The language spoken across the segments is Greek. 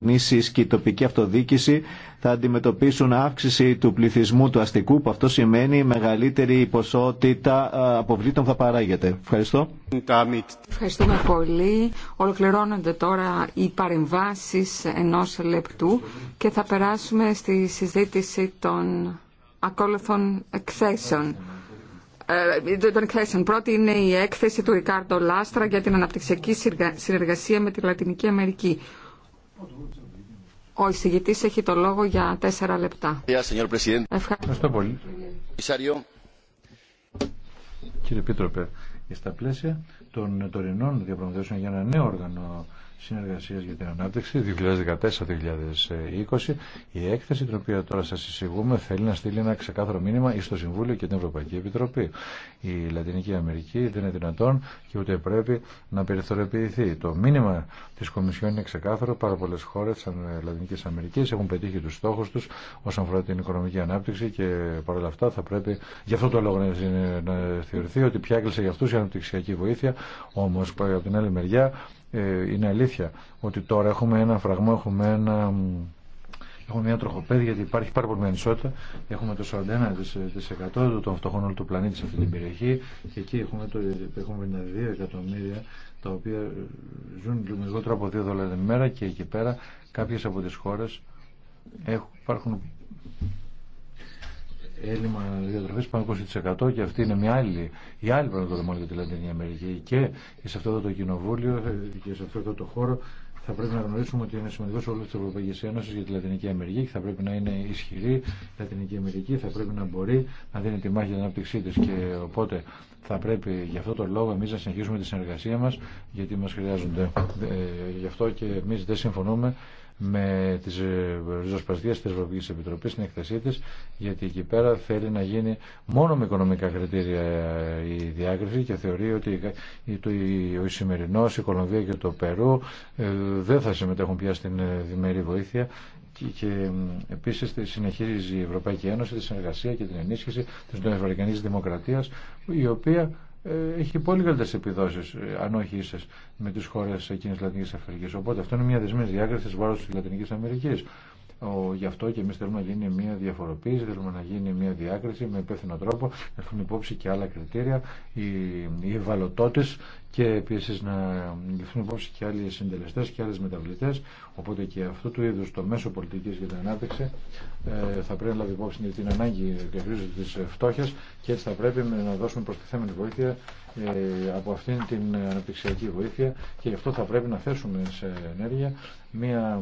κυβερνήσεις και η τοπική αυτοδιοίκηση θα αντιμετωπίσουν αύξηση του πληθυσμού του αστικού που αυτό σημαίνει μεγαλύτερη ποσότητα ε, αποβλήτων που θα παράγεται. Ευχαριστώ. Ευχαριστούμε πολύ. Ολοκληρώνονται τώρα οι παρεμβάσει ενό λεπτού και θα περάσουμε στη συζήτηση των ακόλουθων εκθέσεων. Ε, εκθέσεων. Πρώτη είναι η έκθεση του Ρικάρντο Λάστρα για την αναπτυξιακή συνεργασία με τη Λατινική Αμερική. Ο εισηγητή έχει το λόγο για τέσσερα λεπτά. Ευχαριστώ πολύ. Κύριε Πίτροπε, στα πλαίσια των τωρινών διαπραγματεύσεων για ένα νέο όργανο Συνεργασίας για την Ανάπτυξη 2014-2020. Η έκθεση την οποία τώρα σας εισηγούμε θέλει να στείλει ένα ξεκάθαρο μήνυμα στο Συμβούλιο και την Ευρωπαϊκή Επιτροπή. Η Λατινική Αμερική δεν είναι δυνατόν και ούτε πρέπει να περιθωριοποιηθεί. Το μήνυμα της Κομισιόν είναι ξεκάθαρο. Πάρα πολλέ χώρε τη Λατίνική Αμερική έχουν πετύχει του στόχου του όσον αφορά την οικονομική ανάπτυξη και παρόλα αυτά θα πρέπει γι' αυτό το λόγο να θεωρηθεί ότι πια για αυτού η αναπτυξιακή βοήθεια. όμω από την άλλη μεριά ε, είναι αλήθεια ότι τώρα έχουμε ένα φραγμό, έχουμε ένα... Έχουμε μια τροχοπέδη γιατί υπάρχει πάρα πολύ ανισότητα. Έχουμε το 41% των φτωχών όλου του πλανήτη σε αυτή την περιοχή και εκεί έχουμε, το, έχουμε 52 εκατομμύρια τα οποία ζουν λιγότερο από 2 δολάρια την ημέρα και εκεί πέρα κάποιες από τις χώρες έχουν, υπάρχουν έλλειμμα διατροφή πάνω 20% και αυτή είναι μια άλλη, η άλλη πραγματοδομόνη για τη Λατινική Αμερική και σε αυτό το κοινοβούλιο και σε αυτό το χώρο θα πρέπει να γνωρίσουμε ότι είναι σημαντικό όλο τη Ευρωπαϊκή Ένωση για τη Λατινική Αμερική και θα πρέπει να είναι ισχυρή. Η Λατινική Αμερική θα πρέπει να μπορεί να δίνει τη μάχη για την ανάπτυξή τη. Και οπότε θα πρέπει γι' αυτό το λόγο εμεί να συνεχίσουμε τη συνεργασία μα, γιατί μα χρειάζονται. Ε, γι' αυτό και εμεί δεν συμφωνούμε με τις ε, ριζοσπαστικές της Ευρωπαϊκής Επιτροπής στην εκθεσή της, γιατί εκεί πέρα θέλει να γίνει μόνο με οικονομικά κριτήρια ε, η διάκριση και θεωρεί ότι ο σημερινό, η Κολομβία και το Περού ε, δεν θα συμμετέχουν πια στην διμερή βοήθεια και επίσης συνεχίζει η Ευρωπαϊκή Ένωση τη συνεργασία και την ενίσχυση της Νοτιοαφρικανικής Δημοκρατία, η οποία ε, έχει πολύ καλύτερε επιδόσει, ε, αν όχι ίσε, με τι χώρε εκείνη τη Λατινική Αφρική. Οπότε αυτό είναι μια δεσμένη διάκριση βάρο τη Λατινική Αμερική. Ο, γι' αυτό και εμεί θέλουμε να γίνει μια διαφοροποίηση, θέλουμε να γίνει μια διάκριση με υπεύθυνο τρόπο, να έχουν υπόψη και άλλα κριτήρια, οι, οι και επίση να ληφθούν υπόψη και άλλοι συντελεστέ και άλλε μεταβλητέ. Οπότε και αυτού του είδου το μέσο πολιτική για την ανάπτυξη ε, θα πρέπει να λάβει υπόψη την ανάγκη χρήση τη φτώχεια και έτσι θα πρέπει να δώσουμε προστιθέμενη βοήθεια ε, από αυτήν την αναπτυξιακή βοήθεια και γι' αυτό θα πρέπει να θέσουμε σε ενέργεια μια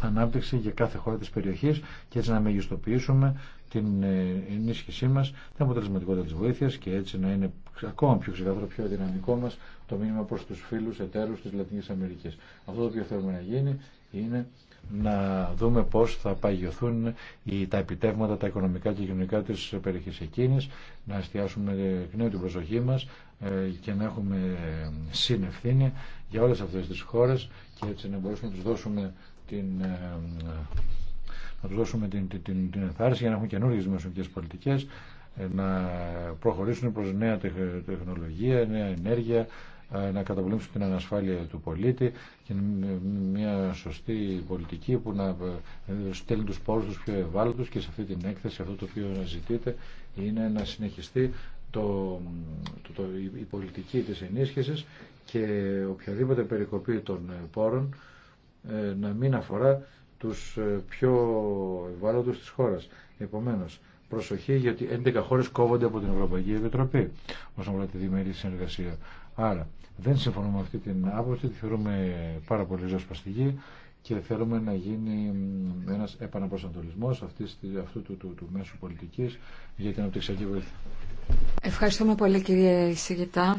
ανάπτυξη για κάθε χώρα της περιοχής και έτσι να μεγιστοποιήσουμε την ε, ενίσχυσή μας, την αποτελεσματικότητα της βοήθειας και έτσι να είναι ακόμα πιο ξεκάθαρο, πιο δυναμικό μας το μήνυμα προς τους φίλους εταίρους της Λατινικής Αμερικής. Αυτό το οποίο θέλουμε να γίνει είναι να δούμε πώς θα παγιωθούν τα επιτεύγματα, τα οικονομικά και κοινωνικά της περιοχής εκείνης, να εστιάσουμε εκ νέου την προσοχή μας ε, και να έχουμε συνευθύνη για όλες αυτές τις χώρες και έτσι να μπορέσουμε να τους δώσουμε την, ε, να τους δώσουμε την, την, την ενθάρρυνση για να έχουν καινούργιες πολιτικέ, πολιτικές, ε, να προχωρήσουν προ νέα τεχνολογία, νέα ενέργεια, ε, να καταπολέμψουν την ανασφάλεια του πολίτη και μια σωστή πολιτική που να στέλνει του πόρου του πιο ευάλωτου και σε αυτή την έκθεση αυτό το οποίο ζητείτε είναι να συνεχιστεί η πολιτική της ενίσχυσης και οποιαδήποτε περικοπή των πόρων ε, να μην αφορά τους ε, πιο ευάλωτους της χώρας. Επομένως, προσοχή γιατί 11 χώρες κόβονται από την Ευρωπαϊκή Επιτροπή όσον αφορά τη διμερή συνεργασία. Άρα, δεν συμφωνούμε με αυτή την άποψη, τη θεωρούμε πάρα πολύ ζωσπαστική και θέλουμε να γίνει ένας επαναπροσανατολισμός αυτής, αυτού του, του, του, μέσου πολιτικής για την αναπτυξιακή βοήθεια. Ευχαριστούμε πολύ κύριε Σιγητά.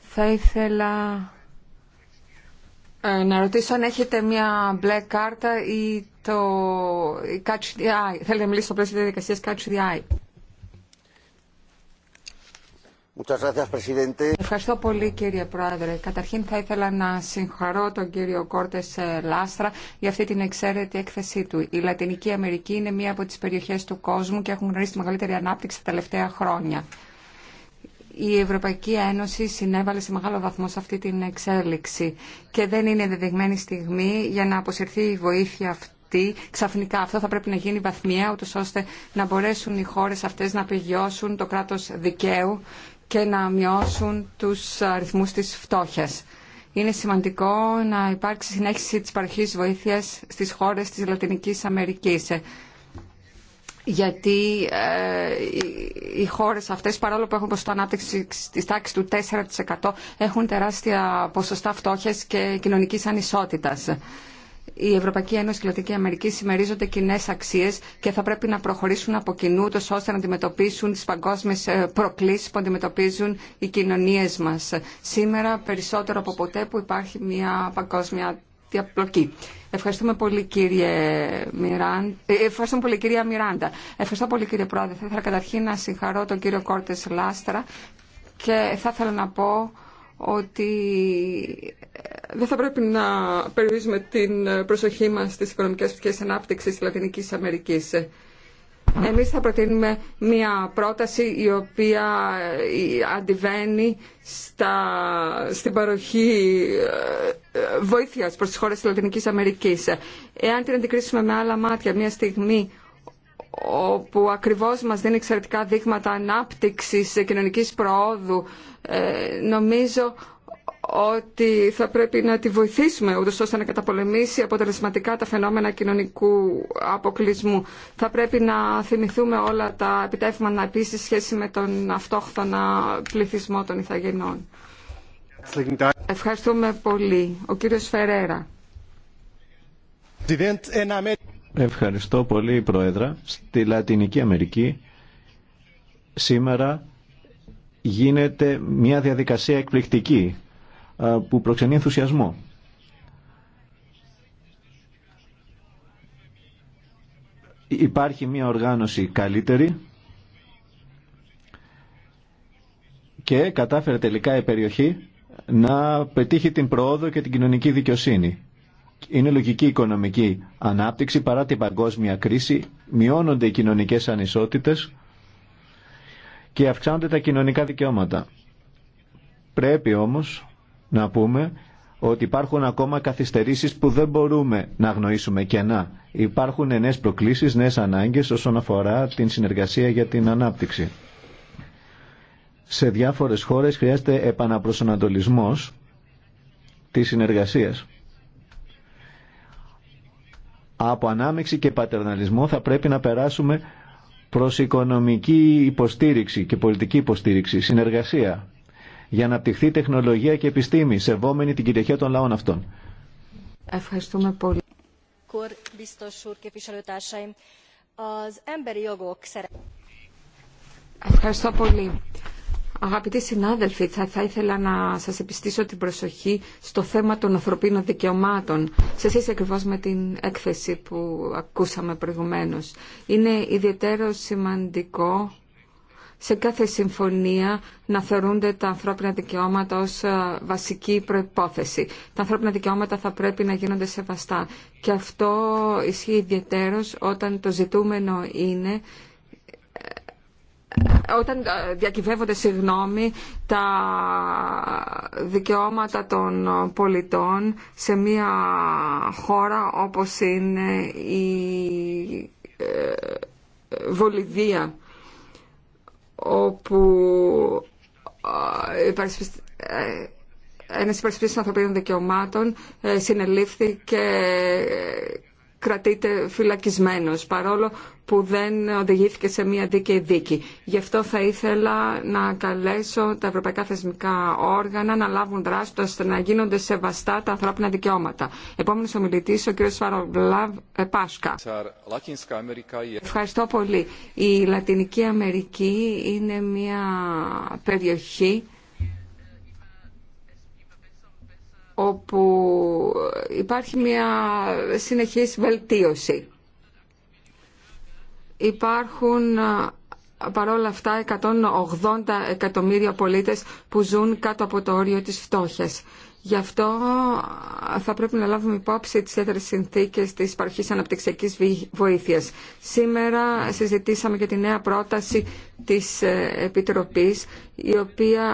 Θα ήθελα ε, να ρωτήσω αν έχετε μια μπλε κάρτα ή το catch the eye. Θέλετε να μιλήσετε στο πλαίσιο της διαδικασίας catch the eye. Ευχαριστώ πολύ κύριε Πρόεδρε. Καταρχήν θα ήθελα να συγχαρώ τον κύριο Κόρτες ε, Λάστρα για αυτή την εξαίρετη έκθεσή του. Η Λατινική Αμερική είναι μία από τις περιοχές του κόσμου και έχουν γνωρίσει τη μεγαλύτερη ανάπτυξη τα τελευταία χρόνια η Ευρωπαϊκή Ένωση συνέβαλε σε μεγάλο βαθμό σε αυτή την εξέλιξη και δεν είναι δεδειγμένη στιγμή για να αποσυρθεί η βοήθεια αυτή ξαφνικά. Αυτό θα πρέπει να γίνει βαθμιαία, ούτω ώστε να μπορέσουν οι χώρες αυτές να πηγιώσουν το κράτος δικαίου και να μειώσουν τους αριθμού της φτώχειας. Είναι σημαντικό να υπάρξει συνέχιση τη παροχής βοήθεια στι χώρε τη Λατινική Αμερική γιατί ε, οι χώρες αυτές παρόλο που έχουν ποσοστό ανάπτυξη της τάξης του 4% έχουν τεράστια ποσοστά φτώχειας και κοινωνικής ανισότητας. Η Ευρωπαϊκή Ένωση και η Λατινική Αμερική συμμερίζονται κοινέ αξίε και θα πρέπει να προχωρήσουν από κοινού, ώστε να αντιμετωπίσουν τι παγκόσμιε προκλήσει που αντιμετωπίζουν οι κοινωνίε μα. Σήμερα, περισσότερο από ποτέ, που υπάρχει μια παγκόσμια διαπλοκή. Ευχαριστούμε πολύ, κύριε Μιράν... Ε, ευχαριστούμε πολύ, κυρία Μιράντα. Ευχαριστώ πολύ, κύριε Πρόεδρε. Θα ήθελα καταρχήν να συγχαρώ τον κύριο Κόρτες Λάστρα και θα ήθελα να πω ότι ε, δεν θα πρέπει να περιορίζουμε την προσοχή μας στις οικονομικές πτυχές ανάπτυξης της Λατινικής Αμερικής. Εμείς θα προτείνουμε μία πρόταση η οποία ε, αντιβαίνει στα, στην παροχή ε, ε, βοήθειας προς τις χώρες της Λατινικής Αμερικής. Εάν την αντικρίσουμε με άλλα μάτια μια στιγμή όπου ακριβώς μας δίνει εξαιρετικά δείγματα ανάπτυξης κοινωνικής προόδου, νομίζω ότι θα πρέπει να τη βοηθήσουμε ούτως ώστε να καταπολεμήσει αποτελεσματικά τα φαινόμενα κοινωνικού αποκλεισμού. Θα πρέπει να θυμηθούμε όλα τα επιτεύγματα επίσης σχέση με τον αυτόχθονα πληθυσμό των Ιθαγενών. Ευχαριστούμε πολύ. Ο κύριος Φερέρα. Ευχαριστώ πολύ, Πρόεδρα. Στη Λατινική Αμερική σήμερα γίνεται μια διαδικασία εκπληκτική ε, που προξενεί ενθουσιασμό. Υπάρχει μια οργάνωση καλύτερη και κατάφερε τελικά η περιοχή να πετύχει την προόδο και την κοινωνική δικαιοσύνη. Είναι λογική οικονομική ανάπτυξη παρά την παγκόσμια κρίση, μειώνονται οι κοινωνικές ανισότητες και αυξάνονται τα κοινωνικά δικαιώματα. Πρέπει όμως να πούμε ότι υπάρχουν ακόμα καθυστερήσεις που δεν μπορούμε να αγνοήσουμε κενά. Υπάρχουν νέες προκλήσεις, νέες ανάγκες όσον αφορά την συνεργασία για την ανάπτυξη. Σε διάφορες χώρες χρειάζεται επαναπροσανατολισμός της συνεργασίας. Από ανάμεξη και πατερναλισμό θα πρέπει να περάσουμε προς οικονομική υποστήριξη και πολιτική υποστήριξη, συνεργασία για να απτυχθεί τεχνολογία και επιστήμη, σεβόμενη την κυριαρχία των λαών αυτών. Ευχαριστούμε πολύ. Ευχαριστώ πολύ. Αγαπητοί συνάδελφοι, θα, ήθελα να σας επιστήσω την προσοχή στο θέμα των ανθρωπίνων δικαιωμάτων, σε σχέση ακριβώ με την έκθεση που ακούσαμε προηγουμένως. Είναι ιδιαίτερο σημαντικό σε κάθε συμφωνία να θεωρούνται τα ανθρώπινα δικαιώματα ως ε, βασική προϋπόθεση. Τα ανθρώπινα δικαιώματα θα πρέπει να γίνονται σεβαστά. Και αυτό ισχύει ιδιαίτερος όταν το ζητούμενο είναι ε, όταν ε, διακυβεύονται συγγνώμη τα δικαιώματα των πολιτών σε μια χώρα όπως είναι η Βολιβία όπου ε, ένας υπερασπιστής των ανθρωπίνων δικαιωμάτων ε, συνελήφθηκε κρατείται φυλακισμένος παρόλο που δεν οδηγήθηκε σε μια δίκαιη δίκη. Γι' αυτό θα ήθελα να καλέσω τα ευρωπαϊκά θεσμικά όργανα να λάβουν δράση ώστε να γίνονται σεβαστά τα ανθρώπινα δικαιώματα. Επόμενο ομιλητή, ο κ. Σφαροβλάβ Πάσκα. Ευχαριστώ πολύ. Η Λατινική Αμερική είναι μια περιοχή όπου υπάρχει μια συνεχής βελτίωση. Υπάρχουν παρόλα αυτά 180 εκατομμύρια πολίτες που ζουν κάτω από το όριο της φτώχειας Γι' αυτό θα πρέπει να λάβουμε υπόψη τις έδρες συνθήκες της παροχής αναπτυξιακής βοήθειας. Σήμερα συζητήσαμε για τη νέα πρόταση της ε, Επιτροπής, η οποία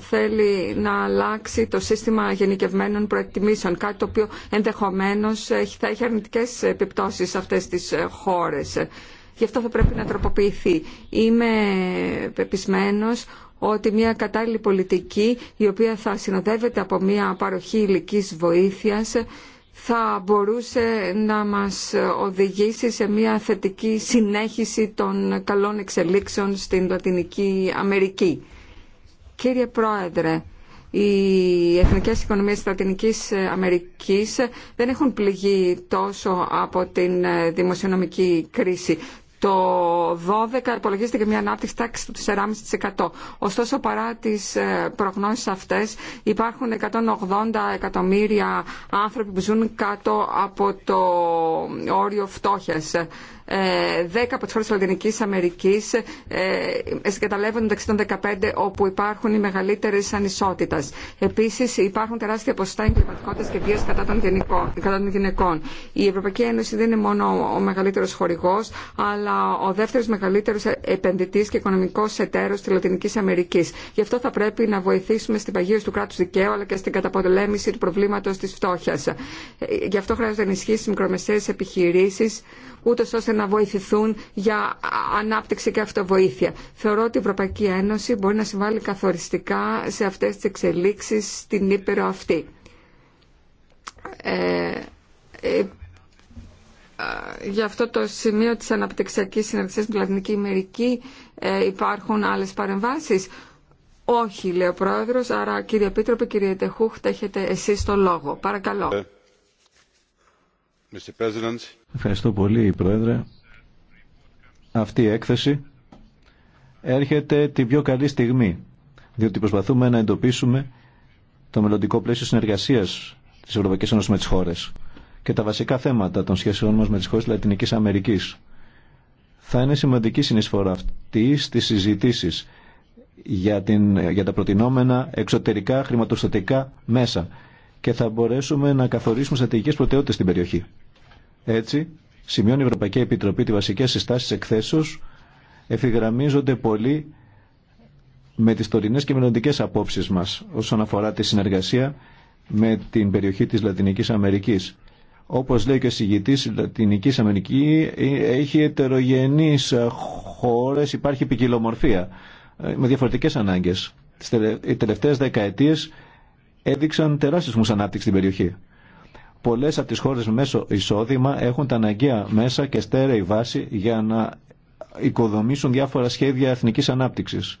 θέλει να αλλάξει το σύστημα γενικευμένων προεκτιμήσεων, κάτι το οποίο ενδεχομένως θα έχει αρνητικές επιπτώσεις σε αυτές τις ε, χώρες. Γι' αυτό θα πρέπει να τροποποιηθεί. Είμαι πεπισμένος ότι μια κατάλληλη πολιτική η οποία θα συνοδεύεται από μια παροχή υλικής βοήθειας θα μπορούσε να μας οδηγήσει σε μια θετική συνέχιση των καλών εξελίξεων στην Λατινική Αμερική. Κύριε Πρόεδρε, οι εθνικές οικονομίες της Λατινικής Αμερικής δεν έχουν πληγεί τόσο από την δημοσιονομική κρίση. Το υπολογίζεται και μια ανάπτυξη τάξη του 4,5%. Ωστόσο, παρά τι ε, προγνώσει αυτέ, υπάρχουν 180 εκατομμύρια άνθρωποι που ζουν κάτω από το όριο φτώχεια 10 ε, από τι χώρε της Λατινικής Αμερικής ε, συγκαταλέγονται μεταξύ των 15 όπου υπάρχουν οι μεγαλύτερε ανισότητες. Επίση, υπάρχουν τεράστια ποσοστά εγκληματικότητα και βία κατά των γυναικών. Η Ευρωπαϊκή Ένωση δεν είναι μόνο ο μεγαλύτερο χορηγό, αλλά ο δεύτερο μεγαλύτερο επενδυτή και οικονομικό εταίρο τη Λατινική Αμερική. Γι' αυτό θα πρέπει να βοηθήσουμε στην παγίωση του κράτου δικαίου αλλά και στην καταπολέμηση του προβλήματος της φτώχεια. Ε, γι' αυτό χρειάζονται ενισχύσει επιχειρήσεις ούτω ώστε να βοηθηθούν για ανάπτυξη και αυτοβοήθεια. Θεωρώ ότι η Ευρωπαϊκή Ένωση μπορεί να συμβάλλει καθοριστικά σε αυτές τις εξελίξεις στην Ήπειρο αυτή. Ε, ε για αυτό το σημείο της αναπτυξιακής συνεργασίας με την Λατινική Αμερική ε, υπάρχουν άλλες παρεμβάσεις. Όχι, λέει ο Πρόεδρος, άρα κύριε Επίτροπε, κύριε Τεχούχ, έχετε εσείς το λόγο. Παρακαλώ. Ε, Mr. President. Ευχαριστώ πολύ, Πρόεδρε. Αυτή η έκθεση έρχεται την πιο καλή στιγμή, διότι προσπαθούμε να εντοπίσουμε το μελλοντικό πλαίσιο συνεργασία τη Ευρωπαϊκή Ένωση με τι χώρε και τα βασικά θέματα των σχέσεων μα με τι χώρε της Λατινικής Αμερικής. Θα είναι σημαντική συνεισφορά αυτή στι συζητήσει για, για τα προτινόμενα εξωτερικά χρηματοστατικά μέσα και θα μπορέσουμε να καθορίσουμε στρατηγικές προτεραιότητες στην περιοχή. Έτσι, σημειώνει η Ευρωπαϊκή Επιτροπή ότι οι βασικές συστάσεις εκθέσεως εφηγραμμίζονται πολύ με τις τωρινέ και μελλοντικές απόψεις μας όσον αφορά τη συνεργασία με την περιοχή της Λατινικής Αμερικής. Όπως λέει και ο συγητής, η Λατινική Αμερική έχει ετερογενείς χώρες, υπάρχει ποικιλομορφία ε, με διαφορετικές ανάγκες. Οι τελευταίες δεκαετίες έδειξαν τεράστιους μου ανάπτυξη στην περιοχή πολλές από τις χώρες μέσω εισόδημα έχουν τα αναγκαία μέσα και στέρεη βάση για να οικοδομήσουν διάφορα σχέδια εθνικής ανάπτυξης.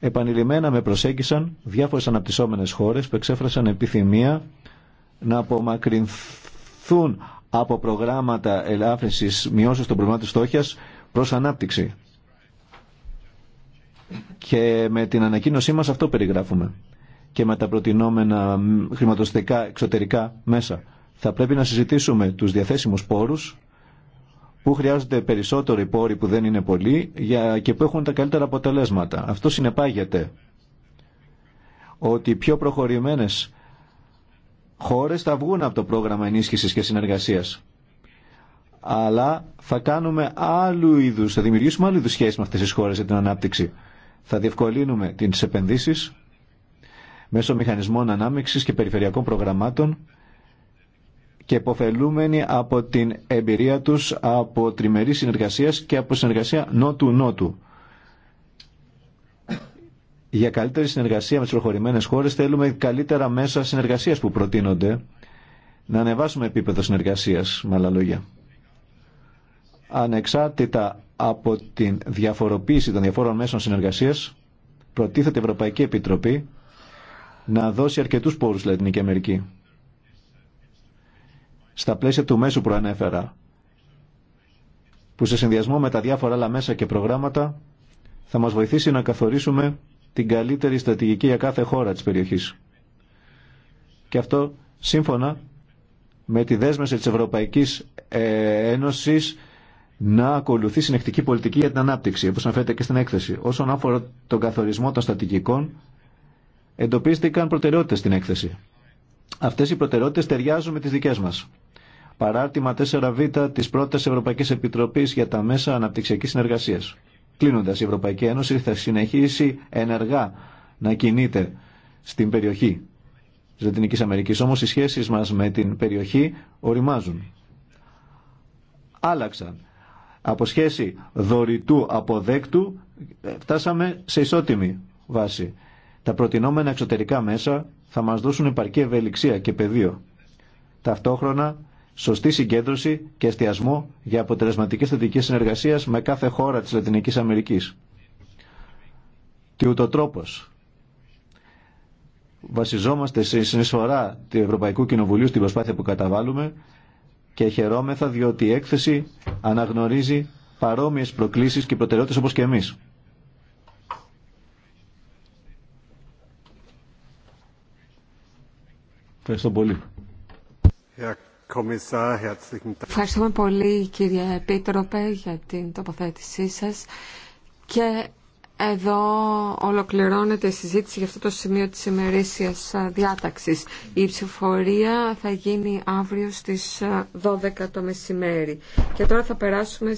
Επανειλημμένα με προσέγγισαν διάφορες αναπτυσσόμενες χώρες που εξέφρασαν επιθυμία να απομακρυνθούν από προγράμματα ελάφρυνση μειώσεω των προβλημάτων στόχιας προς ανάπτυξη. Και με την ανακοίνωσή μα αυτό περιγράφουμε και με τα προτινόμενα χρηματοστικά εξωτερικά μέσα. Θα πρέπει να συζητήσουμε τους διαθέσιμους πόρους που χρειάζονται περισσότεροι πόροι που δεν είναι πολλοί και που έχουν τα καλύτερα αποτελέσματα. Αυτό συνεπάγεται ότι οι πιο προχωρημένες χώρες θα βγουν από το πρόγραμμα ενίσχυσης και συνεργασίας. Αλλά θα κάνουμε άλλου είδους, θα δημιουργήσουμε άλλου είδους σχέσεις με αυτές τις χώρες για την ανάπτυξη. Θα διευκολύνουμε τις επενδύσεις, μέσω μηχανισμών ανάμειξης και περιφερειακών προγραμμάτων και υποφελούμενοι από την εμπειρία τους από τριμερή συνεργασία και από συνεργασία νότου-νότου. Για καλύτερη συνεργασία με τις προχωρημένες χώρες θέλουμε καλύτερα μέσα συνεργασίας που προτείνονται να ανεβάσουμε επίπεδο συνεργασίας, με άλλα λόγια. Ανεξάρτητα από την διαφοροποίηση των διαφόρων μέσων συνεργασίας, προτίθεται η Ευρωπαϊκή Επιτροπή να δώσει αρκετού πόρους στη Λατινική Αμερική. Στα πλαίσια του μέσου ανέφερα, που σε συνδυασμό με τα διάφορα άλλα μέσα και προγράμματα θα μας βοηθήσει να καθορίσουμε την καλύτερη στρατηγική για κάθε χώρα της περιοχής. Και αυτό σύμφωνα με τη δέσμευση της Ευρωπαϊκής ε, Ένωσης να ακολουθεί συνεχτική πολιτική για την ανάπτυξη, όπως αναφέρεται και στην έκθεση. Όσον αφορά τον καθορισμό των στρατηγικών, εντοπίστηκαν προτεραιότητες στην έκθεση. Αυτές οι προτεραιότητες ταιριάζουν με τις δικές μας. Παράρτημα 4β της πρώτης Ευρωπαϊκής Επιτροπής για τα Μέσα Αναπτυξιακής Συνεργασίας. Κλείνοντας, η Ευρωπαϊκή Ένωση θα συνεχίσει ενεργά να κινείται στην περιοχή της Λατινικής Αμερικής. Όμως οι σχέσεις μας με την περιοχή οριμάζουν. Άλλαξαν. Από σχέση δωρητού αποδέκτου ε, φτάσαμε σε ισότιμη βάση. Τα προτινόμενα εξωτερικά μέσα θα μας δώσουν επαρκή ευελιξία και πεδίο. Ταυτόχρονα, σωστή συγκέντρωση και εστιασμό για αποτελεσματικές θετικές συνεργασίες με κάθε χώρα της Λατινικής Αμερικής. Τι ούτω τρόπο. Βασιζόμαστε σε συνεισφορά του Ευρωπαϊκού Κοινοβουλίου στην προσπάθεια που καταβάλουμε και χαιρόμεθα διότι η έκθεση αναγνωρίζει παρόμοιες προκλήσεις και προτεραιότητες όπως και εμείς. Ευχαριστώ πολύ. Ευχαριστούμε πολύ κύριε Επίτροπε για την τοποθέτησή σας και εδώ ολοκληρώνεται η συζήτηση για αυτό το σημείο της ημερήσιας διάταξης. Η ψηφορία θα γίνει αύριο στις 12 το μεσημέρι. Και τώρα θα περάσουμε